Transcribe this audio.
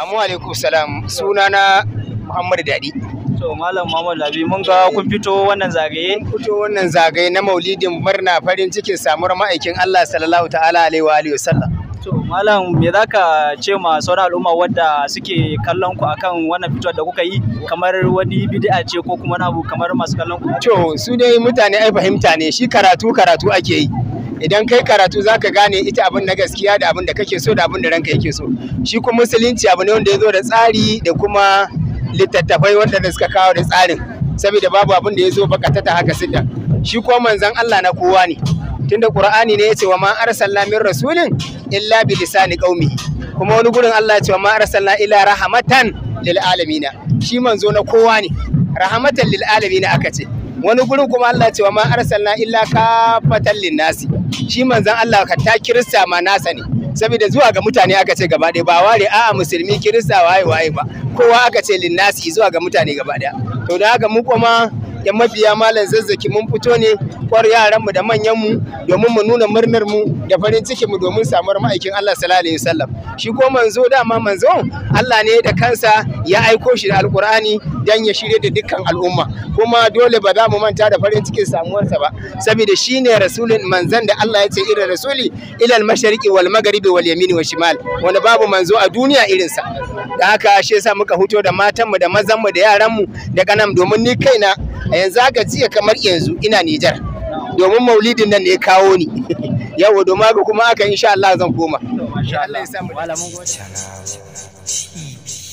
Amu alaikum salam suna na Muhammadu Dadi. To Malam Muhammadu Labi mun ga kun fito wannan zagaye? Kun fito wannan zagaye na maulidin murna farin cikin samuwar ma'aikin Allah sallallahu ta'ala alaihi wa alihi wasallam. To Malam me za ka ce ma sauran al'umma wadda suke kallon ku akan wannan fitowar da kuka yi kamar wani bid'a ce ko kuma na abu kamar masu kallon ku? To su dai mutane ai fahimta ne shi karatu karatu ake yi. idan kai karatu za ka gane ita abin na gaskiya da abin da kake so da abin da ranka yake so shi kuma musulunci abu ne wanda ya zo da tsari da kuma littattafai wanda suka kawo da tsarin saboda babu abin da ya zo ta haka sidda shi kuma manzon Allah na kowa ne tunda Qur'ani ne ya ce wa ma arsalna min rasulin illa bi lisani qaumi kuma wani gurin Allah ya ce wa ma arsalna ila rahmatan lil alamina shi manzo na kowa ne rahmatan lil alamina aka ce wani gurin kuma Allah ya ce wa ma arsalna illa kafatan lin nasi shi manzon Allah ka ta kirista ma nasa ne saboda zuwa ga mutane aka ce gaba ɗaya ba ware a musulmi kirista waye waye ba kowa aka ce linnasi zuwa ga mutane gaba ɗaya to da haka mu kuma da mabiya malam zazzaki mun fito ne kwar yaran mu da manyanmu domin mu nuna murnar mu da farin cikin mu domin samuwar ma'aikin Allah sallallahu alaihi wasallam shi ko manzo dama manzo Allah ne da kansa ya aiko shi da alkur'ani dan ya shirye da dukkan al'umma kuma dole ba za mu manta da farin cikin samuwarsa ba saboda shi ne rasulin manzan da Allah ya ce irin rasuli ilal mashariqi wal magharibi wal yamini wa shimal wani babu manzo a duniya irinsa da haka shi yasa muka huto da matanmu da mazanmu da yaranmu da kanan domin ni kaina a yanzu aka jiya kamar yanzu ina Nijar domin maulidin nan ne kawo ni yawo domin haka kuma aka insha Allah zan koma. Allah ya